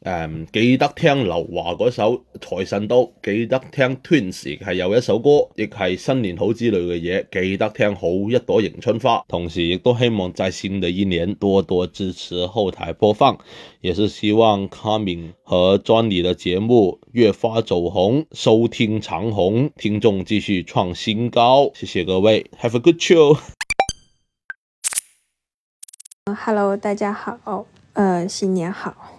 誒、um，記得聽劉華嗰首《財神到》，記得聽 Twins 係有一首歌，亦係新年好之類嘅嘢。記得聽好一朵迎春花。同時亦都希望在新的一年多多支持後台播放，也是希望卡敏和 Johnny 的節目越發走紅，收聽長紅，聽眾繼續創新高。謝謝各位，Have a good show。Hello，大家好，oh，呃、新年好。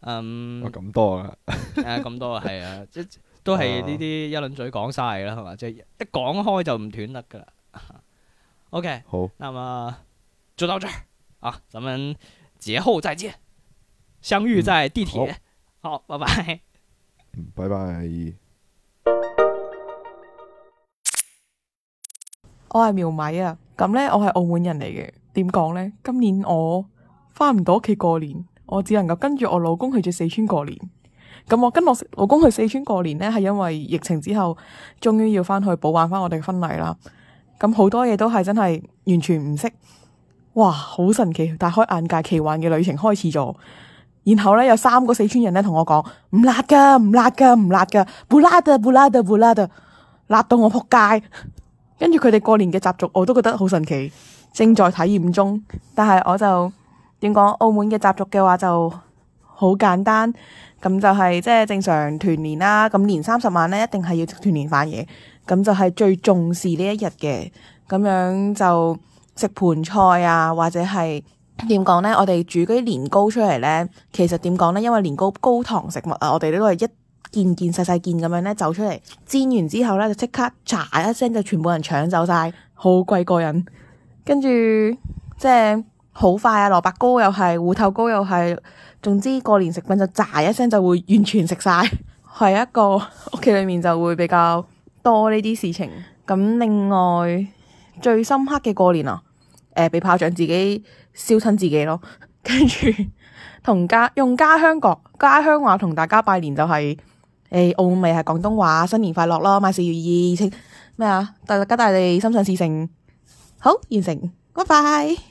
嗯，咁、um, 多 啊？誒，咁多係啊，即都係呢啲一輪嘴講晒啦，係嘛、啊？即一講開就唔斷得噶啦。OK，好，那麼就到這啊，咱們節後再見，相遇在地鐵。嗯、好，好，拜拜。拜拜，我係苗米啊，咁咧我係澳門人嚟嘅，點講咧？今年我翻唔到屋企過年。我只能夠跟住我老公去咗四川過年，咁我跟我老公去四川過年呢，係因為疫情之後，終於要翻去補辦翻我哋嘅婚禮啦。咁好多嘢都係真係完全唔識，哇，好神奇，大開眼界，奇幻嘅旅程開始咗。然後呢，有三個四川人呢同我講唔辣噶，唔辣噶，唔辣噶，不辣的不辣的不辣的，辣到我仆街。跟住佢哋過年嘅習俗，我都覺得好神奇，正在體驗中。但係我就。點講澳門嘅習俗嘅話就好簡單，咁就係即係正常團年啦。咁年三十晚咧，一定係要食團年飯嘢，咁就係最重視呢一日嘅。咁樣就食盤菜啊，或者係點講咧？我哋煮嗰啲年糕出嚟咧，其實點講咧？因為年糕高糖食物啊，我哋都係一件件細細件咁樣咧走出嚟，煎完之後咧就即刻炸一聲，就全部人搶走晒，好鬼過癮。跟住即係。好快啊！蘿蔔糕又係，芋頭糕又係，總之過年食品就炸一聲就會完全食晒。係一個屋企裡面就會比較多呢啲事情。咁、嗯、另外最深刻嘅過年啊，誒、呃、被炮仗自己燒親自己咯，跟住同家用家鄉國家鄉話同大家拜年就係、是欸、澳味係廣東話新年快樂咯，萬事如意，咩啊，大家大利心想事成，好完成，拜拜。